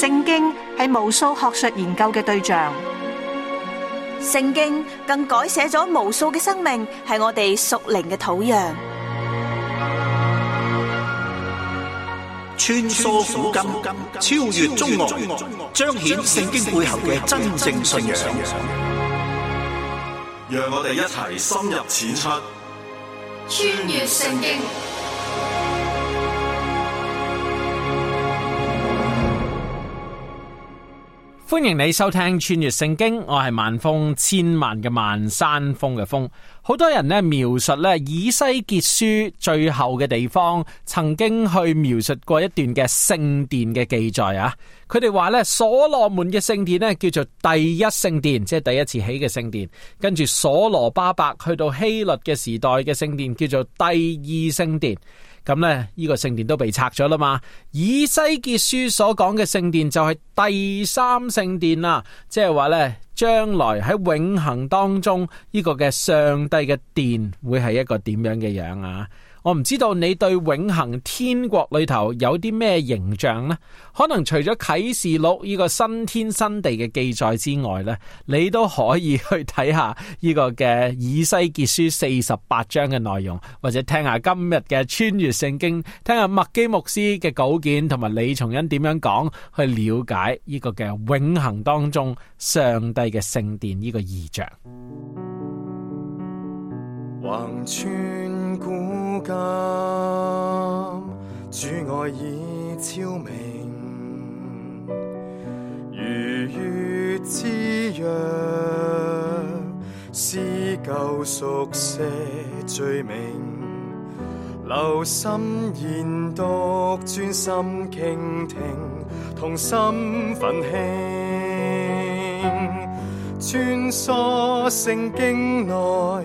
聖經係無數學術研究嘅對象，聖經更改寫咗無數嘅生命，係我哋屬靈嘅土壤。穿梭古今，超越中國，彰顯聖經背後嘅真正信仰。讓我哋一齊深入淺出，穿越聖經。歡迎你收聽穿越聖經，我係萬峰，千萬嘅萬，山峰嘅峰。好多人咧描述咧以西結書最後嘅地方，曾經去描述過一段嘅聖殿嘅記載啊！佢哋話咧所羅門嘅聖殿咧叫做第一聖殿，即係第一次起嘅聖殿，跟住所羅巴伯去到希律嘅時代嘅聖殿叫做第二聖殿。咁咧呢這個聖殿都被拆咗啦嘛。以西結書所講嘅聖殿就係第三聖殿啦，即係話咧。將來喺永恒當中，呢、這個嘅上帝嘅殿會係一個點樣嘅樣啊？我唔知道你對永恒天國裏頭有啲咩形象呢？可能除咗啟示錄呢個新天新地嘅記載之外呢，你都可以去睇下呢個嘅以西結書四十八章嘅內容，或者聽下今日嘅穿越聖經，聽下麥基牧師嘅稿件，同埋李松恩點樣講去了解呢個嘅永恒當中上帝嘅聖殿呢個意象。橫穿古今，主愛已昭明，如月之約，是舊熟識最明。留心研讀，專心傾聽，同心奮興，穿梭聖經內。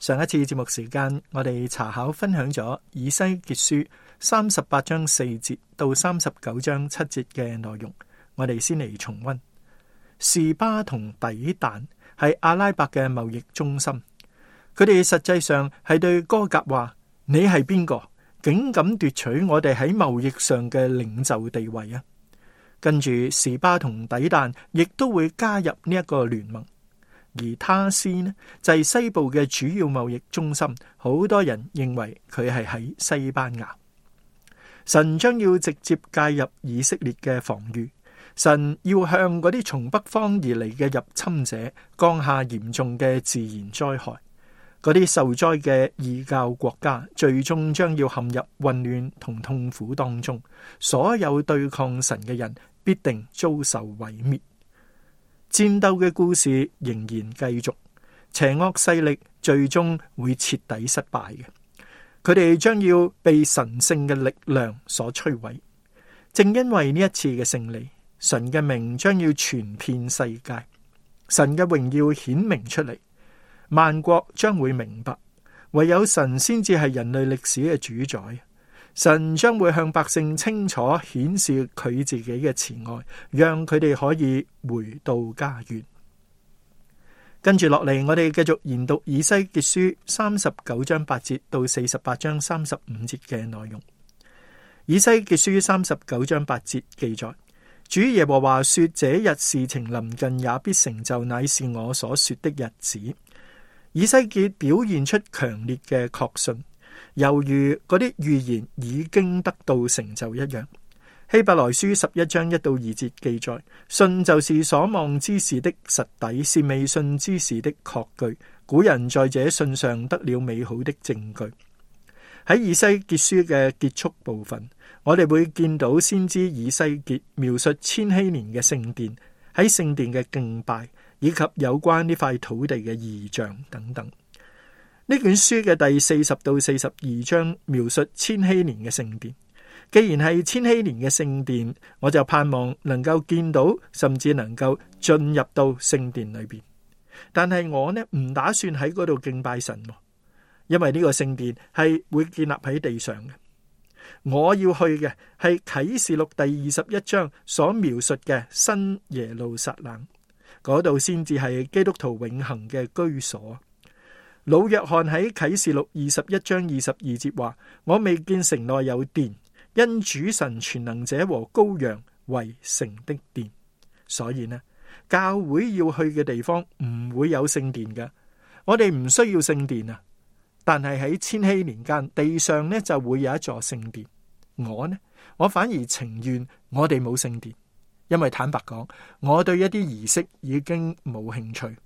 上一次節目時間，我哋查考分享咗以西結書三十八章四節到三十九章七節嘅內容，我哋先嚟重温。士巴同底但係阿拉伯嘅貿易中心，佢哋實際上係對哥格話：你係邊個？竟敢奪取我哋喺貿易上嘅領袖地位啊！跟住士巴同底但亦都會加入呢一個聯盟。而他施呢，就係西部嘅主要貿易中心。好多人認為佢係喺西班牙。神將要直接介入以色列嘅防禦，神要向嗰啲從北方而嚟嘅入侵者降下嚴重嘅自然災害。嗰啲受災嘅異教國家，最終將要陷入混亂同痛苦當中。所有對抗神嘅人，必定遭受毀滅。戰鬥嘅故事仍然繼續，邪惡勢力最終會徹底失敗嘅。佢哋將要被神聖嘅力量所摧毀。正因為呢一次嘅勝利，神嘅名將要傳遍世界，神嘅榮耀顯明出嚟，萬國將會明白，唯有神先至係人類歷史嘅主宰。神將會向百姓清楚顯示佢自己嘅慈愛，讓佢哋可以回到家園。跟住落嚟，我哋繼續研讀以西結書三十九章八節到四十八章三十五節嘅內容。以西結書三十九章八節記載：主耶和華說，說這日事情臨近，也必成就，乃是我所說的日子。以西結表現出強烈嘅確信。猶如嗰啲預言已經得到成就一樣，《希伯來書》十一章一到二節記載：信就是所望之事的實底，是未信之事的確據。古人在這信上得了美好的證據。喺以西結書嘅結束部分，我哋會見到先知以西結描述千禧年嘅聖殿，喺聖殿嘅敬拜以及有關呢塊土地嘅異象等等。呢卷書嘅第四十到四十二章描述千禧年嘅聖殿。既然係千禧年嘅聖殿，我就盼望能夠見到，甚至能夠進入到聖殿裏邊。但係我呢，唔打算喺嗰度敬拜神，因為呢個聖殿係會建立喺地上嘅。我要去嘅係啟示錄第二十一章所描述嘅新耶路撒冷，嗰度先至係基督徒永恒嘅居所。老約翰喺啟示錄二十一章二十二節話：我未見城內有殿，因主神全能者和羔羊為城的殿。所以呢，教會要去嘅地方唔會有聖殿嘅。我哋唔需要聖殿啊。但係喺千禧年間，地上呢就會有一座聖殿。我呢，我反而情願我哋冇聖殿，因為坦白講，我對一啲儀式已經冇興趣。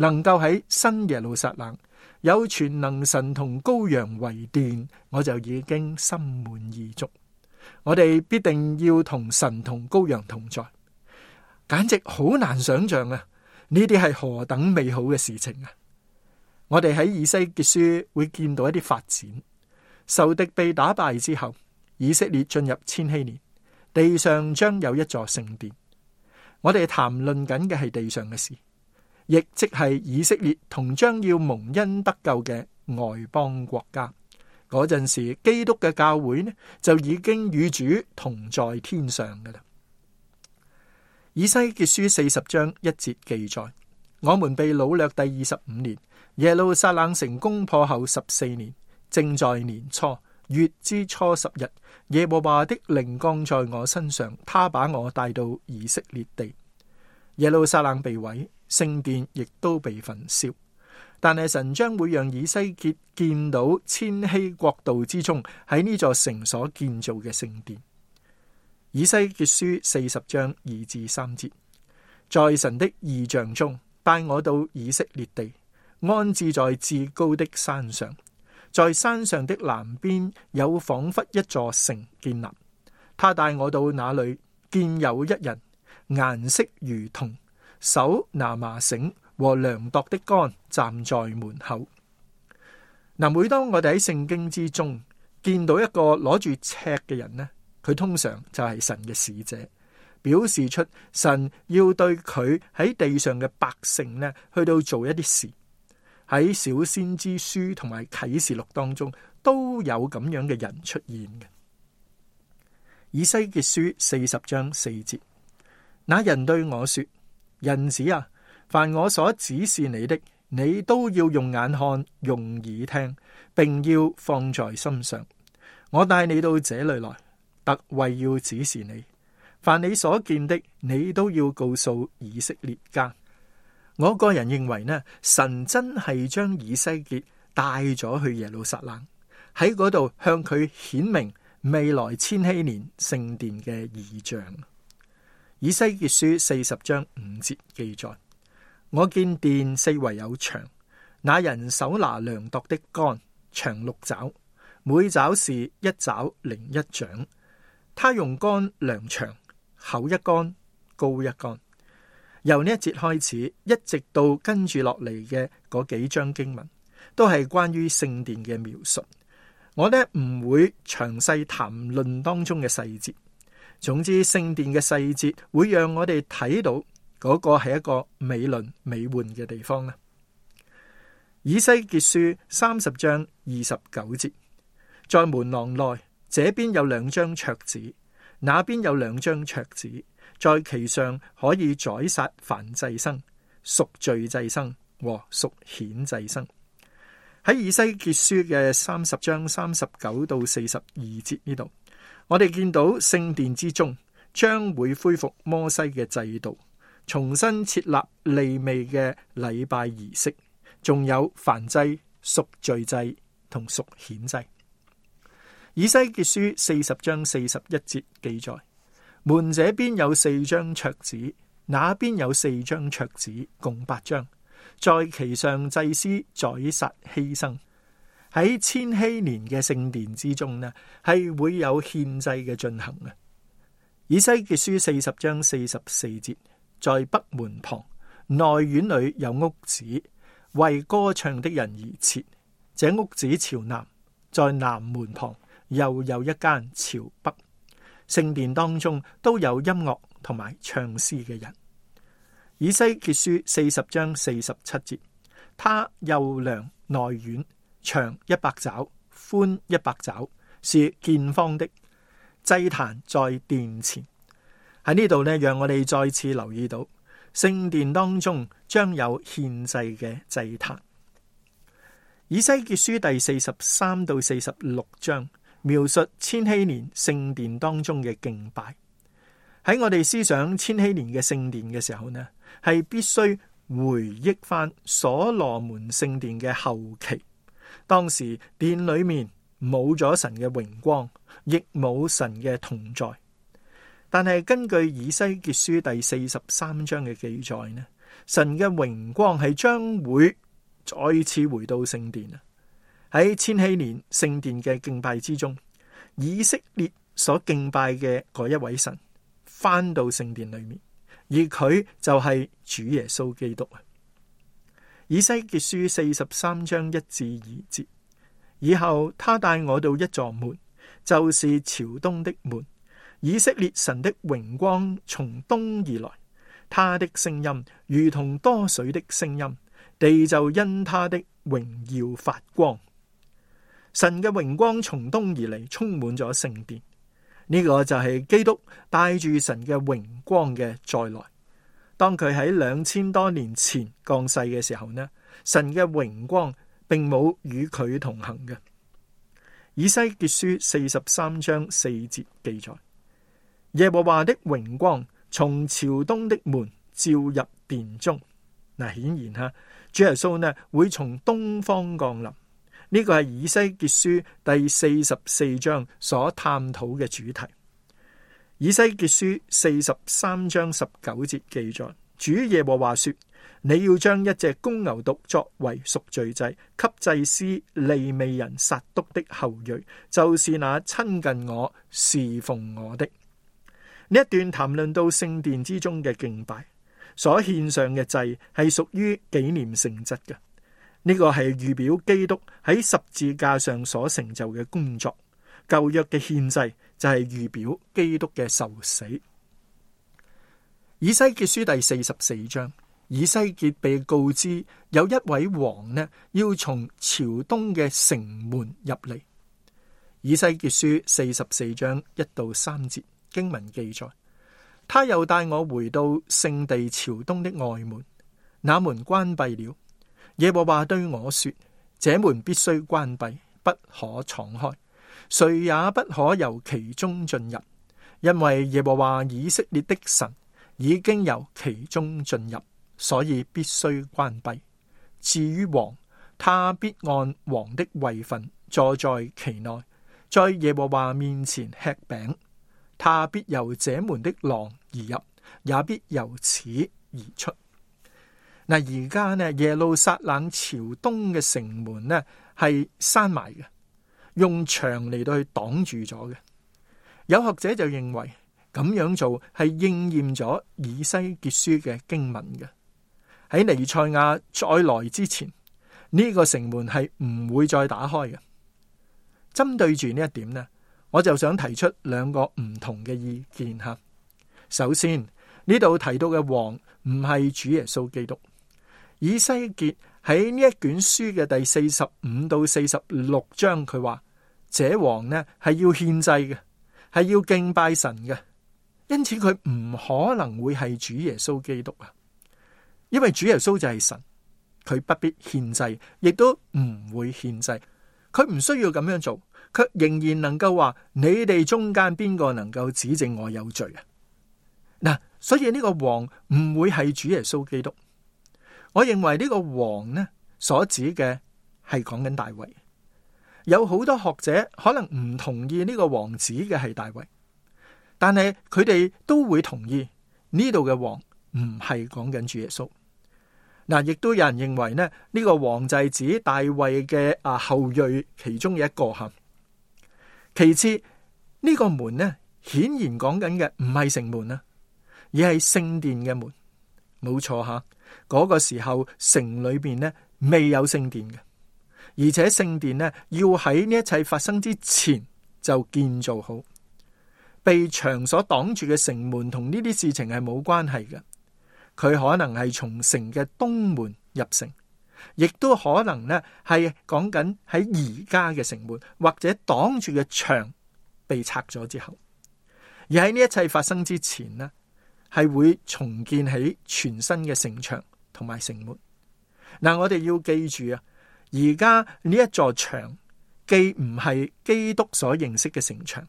能夠喺新耶路撒冷有全能神同羔羊為殿，我就已經心滿意足。我哋必定要同神同羔羊同在，簡直好難想象啊！呢啲係何等美好嘅事情啊！我哋喺以西結書會見到一啲發展，仇敵被打敗之後，以色列進入千禧年，地上將有一座聖殿。我哋談論緊嘅係地上嘅事。亦即係以色列同將要蒙恩得救嘅外邦國家嗰陣時，基督嘅教會呢就已經與主同在天上嘅啦。以西結書四十章一節記載：我們被擄掠第二十五年，耶路撒冷成功破後十四年，正在年初月之初十日，耶和華的靈光在我身上，他把我帶到以色列地，耶路撒冷被毀。聖殿亦都被焚燒，但係神將會讓以西結見到千禧國度之中喺呢座城所建造嘅聖殿。以西結書四十章二至三節：在神的異象中，帶我到以色列地，安置在至高的山上，在山上的南邊有仿佛一座城建立。他帶我到那裏，見有一人，顏色如銅。手拿麻繩和量度的杆站在門口。嗱，每當我哋喺聖經之中見到一個攞住尺嘅人呢，佢通常就係神嘅使者，表示出神要對佢喺地上嘅百姓呢，去到做一啲事。喺小先知書同埋啟示錄當中都有咁樣嘅人出現嘅。以西結書四十章四節，那人對我說。人子啊，凡我所指示你的，你都要用眼看，用耳聽，並要放在心上。我帶你到這裏來，特為要指示你。凡你所見的，你都要告訴以色列家。我個人認為呢，神真係將以西結帶咗去耶路撒冷，喺嗰度向佢顯明未來千禧年聖殿嘅異象。以西結書四十章五節記載：我見殿四圍有牆，那人手拿量度的竿，長六爪，每爪是一爪零一掌。他用竿量牆，厚一竿，高一竿。由呢一節開始，一直到跟住落嚟嘅嗰幾章經文，都係關於聖殿嘅描述。我呢唔會詳細談論當中嘅細節。總之，聖殿嘅細節會讓我哋睇到嗰、那個係一個美輪美奐嘅地方咧。以西結書三十章二十九節，在門廊內，這邊有兩張桌子，那邊有兩張桌子，在其上可以宰殺燔祭牲、贖罪祭牲和贖愆祭牲。喺以西結書嘅三十章三十九到四十二節呢度。我哋見到聖殿之中將會恢復摩西嘅制度，重新設立利未嘅禮拜儀式，仲有燔祭、贖罪祭同贖愆祭。以西結書四十章四十一節記載：門這邊有四張桌子，那邊有四張桌子，共八張，在其上祭司宰殺犧牲。喺千禧年嘅聖殿之中呢，係會有獻祭嘅進行嘅。以西結書四十章四十四節，在北門旁內院裏有屋子為歌唱的人而設，這屋子朝南；在南門旁又有一間朝北。聖殿當中都有音樂同埋唱詩嘅人。以西結書四十章四十七節，他又量內院。長一百肘，寬一百肘，是見方的。祭壇在殿前。喺呢度呢，讓我哋再次留意到聖殿當中將有獻祭嘅祭壇。以西結書第四十三到四十六章描述千禧年聖殿當中嘅敬拜。喺我哋思想千禧年嘅聖殿嘅時候呢，係必須回憶翻所羅門聖殿嘅後期。當時殿裏面冇咗神嘅榮光，亦冇神嘅同在。但係根據以西結書第四十三章嘅記載呢，神嘅榮光係將會再次回到聖殿啊！喺千禧年聖殿嘅敬拜之中，以色列所敬拜嘅嗰一位神翻到聖殿裏面，而佢就係主耶穌基督。以西結書四十三章一至二節，以後他帶我到一座門，就是朝東的門。以色列神的榮光從東而來，他的聲音如同多水的聲音，地就因他的榮耀發光。神嘅榮光從東而來，充滿咗聖殿。呢、這個就係基督帶住神嘅榮光嘅再來。當佢喺兩千多年前降世嘅時候呢，神嘅榮光並冇與佢同行嘅。以西結書四十三章四節記載：耶和華的榮光從朝東的門照入殿中。嗱，顯然吓，主耶穌呢會從東方降臨。呢個係以西結書第四十四章所探討嘅主題。以西結書四十三章十九節記載：主耶和華說，你要將一隻公牛犢作為贖罪祭，給祭司利未人撒督的後裔，就是那親近我、侍奉我的。呢一段談論到聖殿之中嘅敬拜，所獻上嘅祭係屬於紀念性質嘅。呢個係預表基督喺十字架上所成就嘅工作，舊約嘅獻祭。就係預表基督嘅受死。以西結書第四十四章，以西結被告知有一位王呢，要從朝東嘅城門入嚟。以西結書四十四章一到三節經文記載，他又帶我回到聖地朝東的外門，那門關閉了。耶和華對我說：這門必須關閉，不可敞開。誰也不可由其中進入，因為耶和華以色列的神已經由其中進入，所以必須關閉。至於王，他必按王的位分坐在其內，在耶和華面前吃餅，他必由這門的廊而入，也必由此而出。嗱，而家呢，耶路撒冷朝東嘅城門呢係閂埋嘅。用牆嚟到去擋住咗嘅，有學者就認為咁樣做係應驗咗以西結書嘅經文嘅。喺尼賽亞再來之前，呢個城門係唔會再打開嘅。針對住呢一點呢，我就想提出兩個唔同嘅意見吓。首先呢度提到嘅王唔係主耶穌基督。以西結喺呢一卷書嘅第四十五到四十六章，佢話。這王呢係要獻祭嘅，係要敬拜神嘅，因此佢唔可能會係主耶穌基督啊，因為主耶穌就係神，佢不必獻祭，亦都唔會獻祭，佢唔需要咁樣做，佢仍然能夠話你哋中間邊個能夠指證我有罪啊？嗱，所以呢個王唔會係主耶穌基督，我認為呢個王呢所指嘅係講緊大衛。有好多學者可能唔同意呢個王子嘅係大衛，但係佢哋都會同意呢度嘅王唔係講緊主耶穌。嗱，亦都有人認為呢呢、呢個王係指大衛嘅啊後裔其中一個吓。其次呢、呢個門呢顯然講緊嘅唔係城門啦，而係聖殿嘅門，冇錯吓。嗰、嗰個時候城裏邊呢未有聖殿嘅。而且聖殿呢，要喺呢一切發生之前就建造好。被牆所擋住嘅城門同呢啲事情係冇關係嘅。佢可能係從城嘅東門入城，亦都可能咧係講緊喺而家嘅城門或者擋住嘅牆被拆咗之後。而喺呢一切發生之前呢，係會重建起全新嘅城牆同埋城門。嗱，我哋要記住啊！而家呢一座牆，既唔係基督所認識嘅城牆，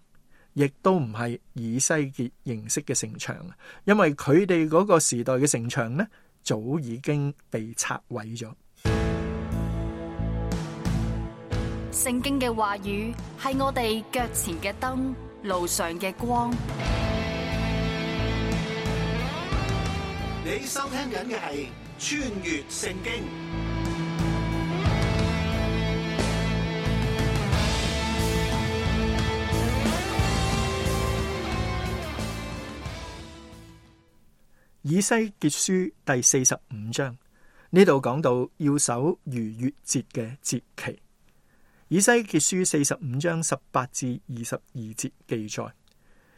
亦都唔係以西結認識嘅城牆，因為佢哋嗰個時代嘅城牆呢，早已經被拆毀咗。聖經嘅話語係我哋腳前嘅燈，路上嘅光。你收聽緊嘅係《穿越聖經》。以西結書第四十五章呢度講到要守逾越節嘅節期。以西結書四十五章十八至二十二節記載，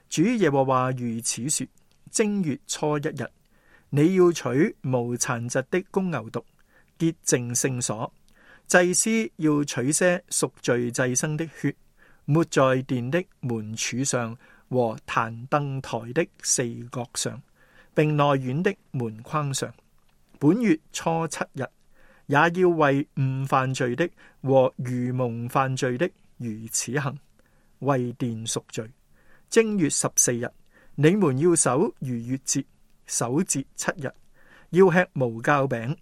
主耶和華如此說：正月初一日，你要取無殘疾的公牛犢潔淨聖所，祭司要取些贖罪祭牲的血，抹在殿的門柱上和壇燈臺的四角上。並內院的門框上，本月初七日也要為誤犯罪的和愚蒙犯罪的如此行，為殿贖罪。正月十四日，你們要守逾越節，守節七日，要吃無酵餅。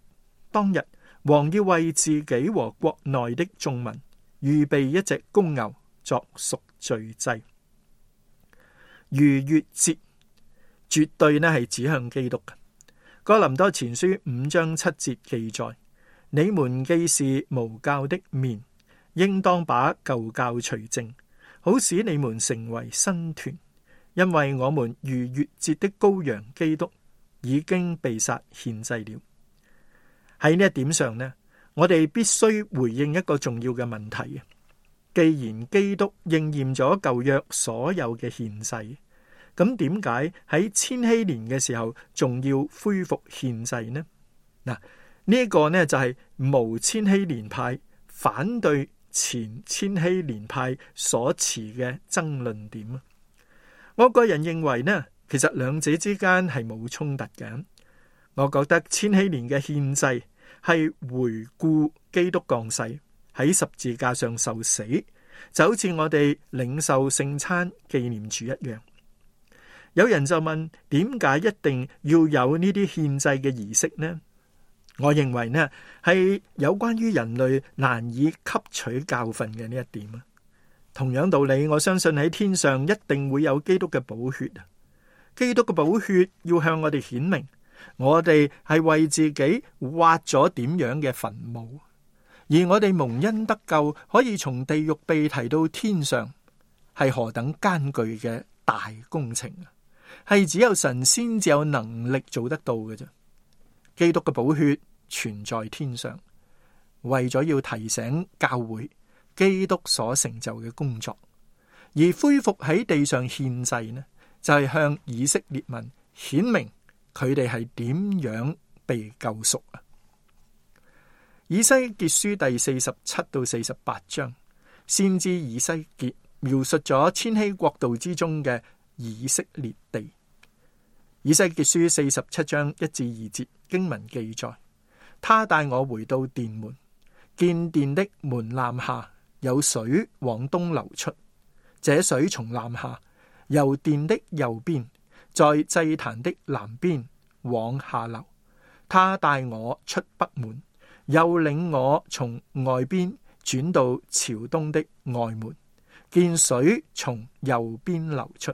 當日王要為自己和國內的眾民預備一隻公牛作贖罪祭。逾越節。絕對咧係指向基督嘅。哥林多前書五章七節記載：你們既是無教的面，應當把舊教除淨，好使你們成為新團。因為我們如月節的羔羊，基督已經被殺獻祭了。喺呢一點上呢，我哋必須回應一個重要嘅問題。既然基督應驗咗舊約所有嘅獻祭。咁點解喺千禧年嘅時候仲要恢復獻祭呢？嗱，呢、這、一個呢就係無千禧年派反對前千禧年派所持嘅爭論點啊。我個人認為呢，其實兩者之間係冇衝突嘅。我覺得千禧年嘅獻祭係回顧基督降世喺十字架上受死，就好似我哋領受聖餐紀念主一樣。有人就問：點解一定要有呢啲獻祭嘅儀式呢？我認為呢係有關於人類難以吸取教訓嘅呢一點啊。同樣道理，我相信喺天上一定會有基督嘅寶血啊。基督嘅寶血要向我哋顯明，我哋係為自己挖咗點樣嘅墳墓，而我哋蒙恩得救，可以從地獄被提到天上，係何等艱鉅嘅大工程啊！係只有神先至有能力做得到嘅啫。基督嘅寶血存在天上，為咗要提醒教會基督所成就嘅工作，而恢復喺地上獻祭，呢，就係、是、向以色列民顯明佢哋係點樣被救贖啊！以西結書第四十七到四十八章，先知以西結描述咗千禧國度之中嘅。以色列地以西結書四十七章一至二節經文記載：他帶我回到殿門，見殿的門檻下有水往東流出。這水從檻下由殿的右邊，在祭壇的南邊往下流。他帶我出北門，又領我從外邊轉到朝東的外門，見水從右邊流出。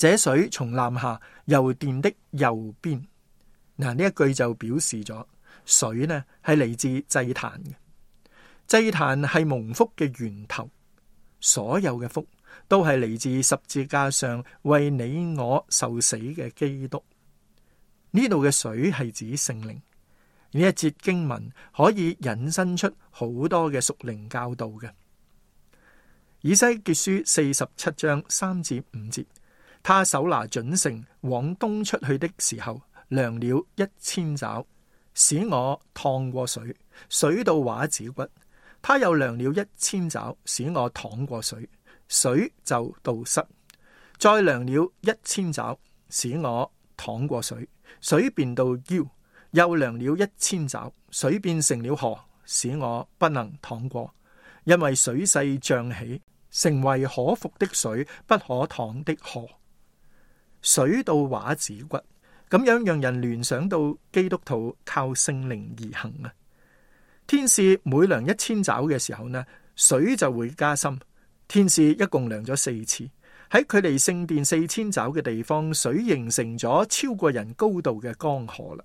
這水從南下，由殿的右邊嗱，呢一句就表示咗水呢係嚟自祭壇嘅。祭壇係蒙福嘅源頭，所有嘅福都係嚟自十字架上為你我受死嘅基督。呢度嘅水係指聖靈，呢一節經文可以引申出好多嘅屬靈教導嘅。以西結書四十七章三至五節。他手拿準繩往東出去的時候，量了一千肘，使我趟過水，水到踝子骨。他又量了一千肘，使我趟過水，水就到膝。再量了一千肘，使我趟過水，水便到腰，又量了一千肘，水便成了河，使我不能趟過，因為水勢漲起，成為可服的水，不可趟的河。水到畫指骨咁樣，讓人聯想到基督徒靠聖靈而行啊。天使每量一千爪嘅時候呢，水就會加深。天使一共量咗四次，喺距離聖殿四千爪嘅地方，水形成咗超過人高度嘅江河啦。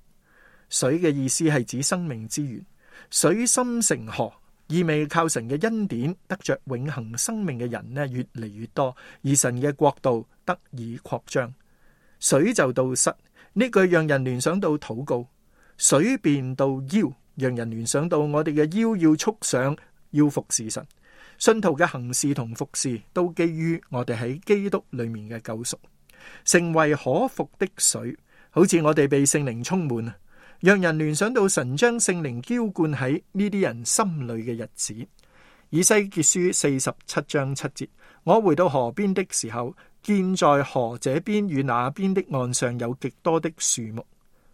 水嘅意思係指生命之源，水深成河，意味靠神嘅恩典得着永恆生命嘅人呢，越嚟越多，而神嘅國度得以擴張。水就到膝，呢句讓人聯想到禱告；水便到腰，讓人聯想到我哋嘅腰要束上，要服侍神。信徒嘅行事同服侍都基於我哋喺基督裏面嘅救贖，成為可洑的水，好似我哋被聖靈充滿啊！讓人聯想到神將聖靈澆灌喺呢啲人心裏嘅日子。以西結書四十七章七節，我回到河邊的時候。建在河這邊與那邊的岸上有極多的樹木，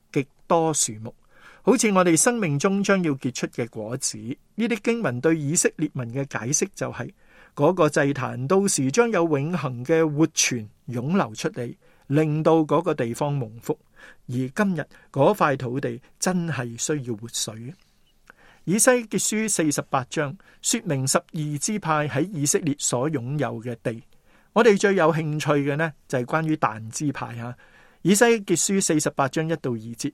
極多樹木，好似我哋生命中將要結出嘅果子。呢啲經文對以色列民嘅解釋就係嗰個祭壇到時將有永恆嘅活泉湧流出嚟，令到嗰個地方蒙福。而今日嗰塊土地真係需要活水。以西結書四十八章說明十二支派喺以色列所擁有嘅地。我哋最有興趣嘅呢，就係、是、關於但支派哈，以西結書四十八章一到二節，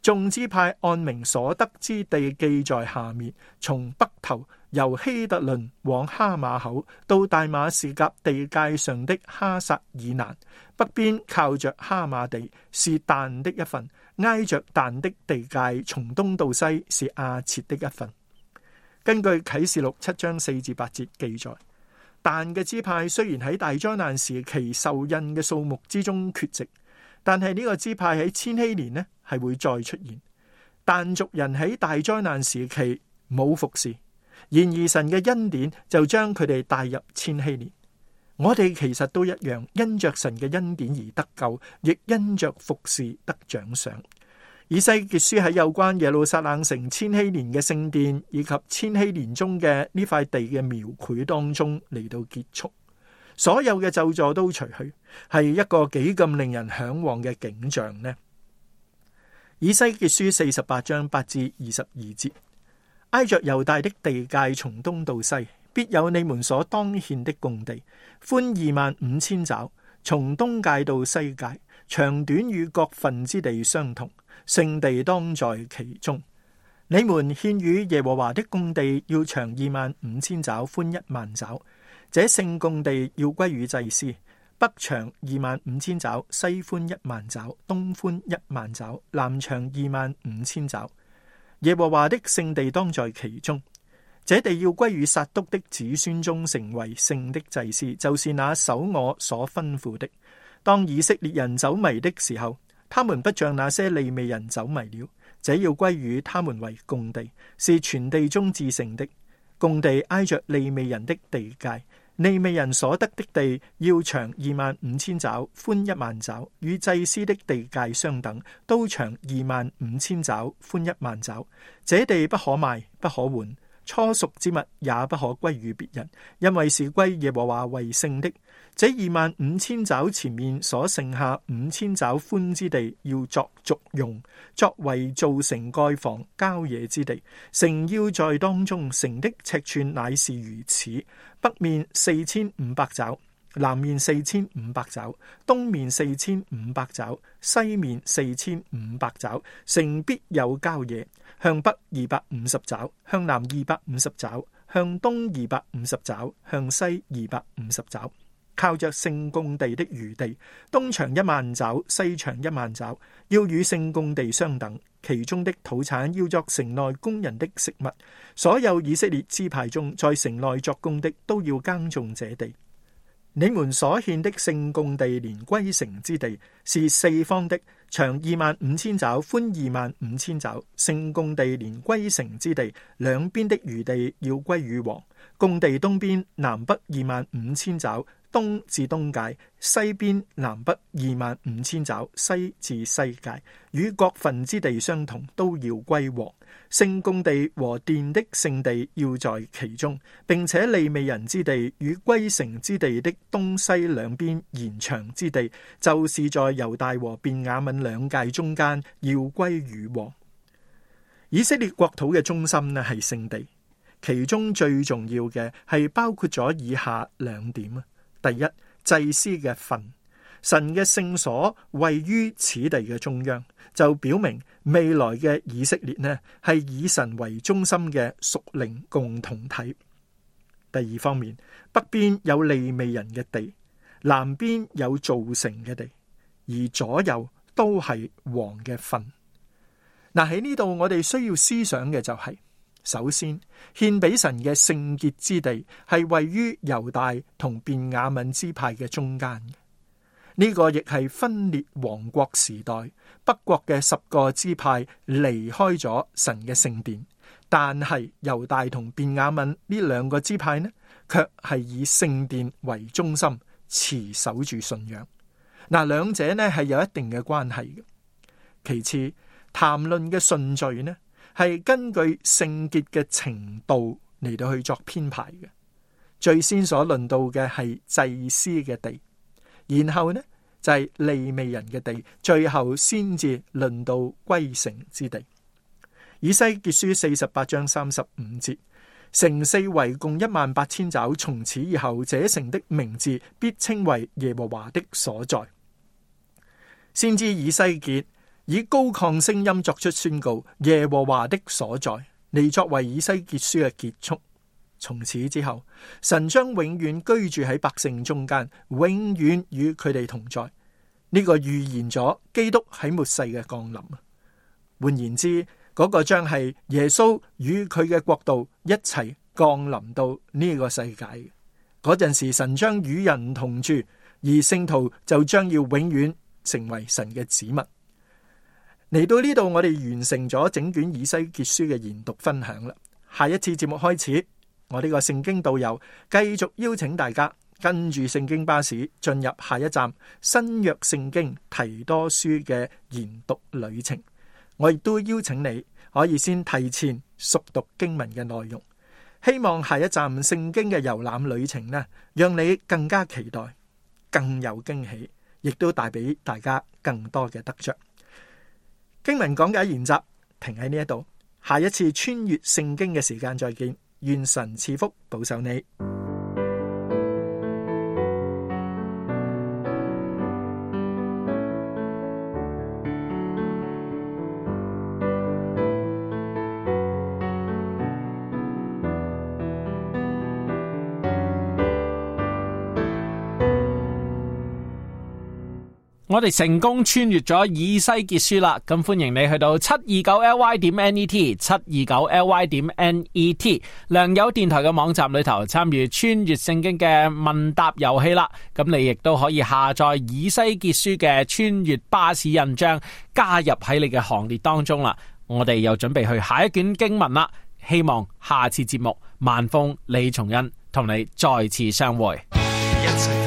眾支派按名所得之地記載下面，從北頭由希特倫往哈馬口到大馬士革地界上的哈薩以南，北邊靠着哈馬地是但的一份，挨着但的地界從東到西是亞設的一份。根據啟示錄七章四至八節記載。但嘅支派雖然喺大災難時期受印嘅數目之中缺席，但係呢個支派喺千禧年呢係會再出現。但族人喺大災難時期冇服侍，然而神嘅恩典就將佢哋帶入千禧年。我哋其實都一樣，因着神嘅恩典而得救，亦因着服侍得獎賞。以西結書喺有關耶路撒冷城千禧年嘅聖殿以及千禧年中嘅呢塊地嘅描繪當中，嚟到結束，所有嘅咒詛都除去，係一個幾咁令人嚮往嘅景象呢？以西結書四十八章八至二十二節，挨着猶大的地界，從東到西，必有你們所當獻的供地，寬二萬五千肘，從東界到西界，長短與各份之地相同。聖地當在其中。你們獻與耶和華的供地要長二萬五千肘，寬一萬肘；這聖供地要歸與祭司。北長二萬五千肘，西寬一萬肘，東寬一萬肘，南長二萬五千肘。耶和華的聖地當在其中。這地要歸與撒督的子孫中，成為聖的祭司，就是那守我所吩咐的。當以色列人走迷的時候。他們不像那些利未人走迷了，這要歸與他們為共地，是全地中至聖的。共地挨着利未人的地界，利未人所得的地要長二萬五千肘，寬一萬肘，與祭司的地界相等，都長二萬五千肘，寬一萬肘。這地不可賣，不可換，初熟之物也不可歸與別人，因為是歸耶和華為聖的。這二萬五千爪前面所剩下五千爪寬之地，要作俗用，作為造城蓋房郊野之地。城要在當中，城的尺寸乃是如此：北面四千五百爪，南面四千五百爪，東面四千五百爪，西面四千五百爪。城必有郊野，向北二百五十爪，向南二百五十爪，向東二百五十爪，向西二百五十爪。靠着聖供地的餘地，東長一萬爪，西長一萬爪，要與聖供地相等。其中的土產要作城內工人的食物。所有以色列支派中在城內作工的都要耕種這地。你們所獻的聖供地連歸城之地是四方的，長二萬五千爪，寬二萬五千爪。聖供地連歸城之地兩邊的餘地要歸與王。供地東邊南北二萬五千爪。東至東界，西邊南北二萬五千爪；西至西界，與各份之地相同，都要歸王。聖供地和殿的聖地要在其中，並且利未人之地與歸城之地的東西兩邊延長之地，就是在猶大和便雅敏兩界中間，要歸與王。以色列國土嘅中心呢？係聖地，其中最重要嘅係包括咗以下兩點啊。第一，祭司嘅份，神嘅聖所位於此地嘅中央，就表明未來嘅以色列呢，係以神為中心嘅屬靈共同體。第二方面，北邊有利未人嘅地，南邊有造成嘅地，而左右都係王嘅份。嗱，喺呢度，我哋需要思想嘅就係、是。首先，獻俾神嘅聖潔之地係位於猶大同便雅憫支派嘅中間嘅。呢個亦係分裂王國時代北國嘅十個支派離開咗神嘅聖殿，但係猶大同便雅憫呢兩個支派呢，卻係以聖殿為中心持守住信仰。嗱，兩者呢係有一定嘅關係嘅。其次，談論嘅順序呢，係根據聖潔嘅程度嚟到去作編排嘅，最先所論到嘅係祭司嘅地，然後呢就係、是、利未人嘅地，最後先至論到歸城之地。以西結書四十八章三十五節，城四圍共一萬八千肘，從此以後，這城的名字必稱為耶和華的所在。先知以西結。以高亢聲音作出宣告，耶和華的所在，嚟，作為以西結書嘅結束。從此之後，神將永遠居住喺百姓中間，永遠與佢哋同在。呢、這個預言咗基督喺末世嘅降臨啊。換言之，嗰、那個將係耶穌與佢嘅國度一齊降臨到呢個世界。嗰陣時，神將與人同住，而聖徒就將要永遠成為神嘅子民。嚟到呢度，我哋完成咗整卷以西結書嘅研讀分享啦。下一次節目開始，我呢個聖經導遊繼續邀請大家跟住聖經巴士進入下一站新約聖經提多書嘅研讀旅程。我亦都邀請你可以先提前熟讀經文嘅內容，希望下一站聖經嘅遊覽旅程呢，讓你更加期待，更有驚喜，亦都帶俾大家更多嘅得着。經文講解原則停喺呢一度，下一次穿越聖經嘅時間再見。願神賜福，保守你。我哋成功穿越咗以西結書啦，咁歡迎你去到七二九 l y 點 n e t 七二九 l y 點 n e t 良友電台嘅網站裏頭參與穿越聖經嘅問答遊戲啦，咁你亦都可以下載以西結書嘅穿越巴士印章加入喺你嘅行列當中啦。我哋又準備去下一卷經文啦，希望下次節目萬峰李重恩同你再次相會。Yes.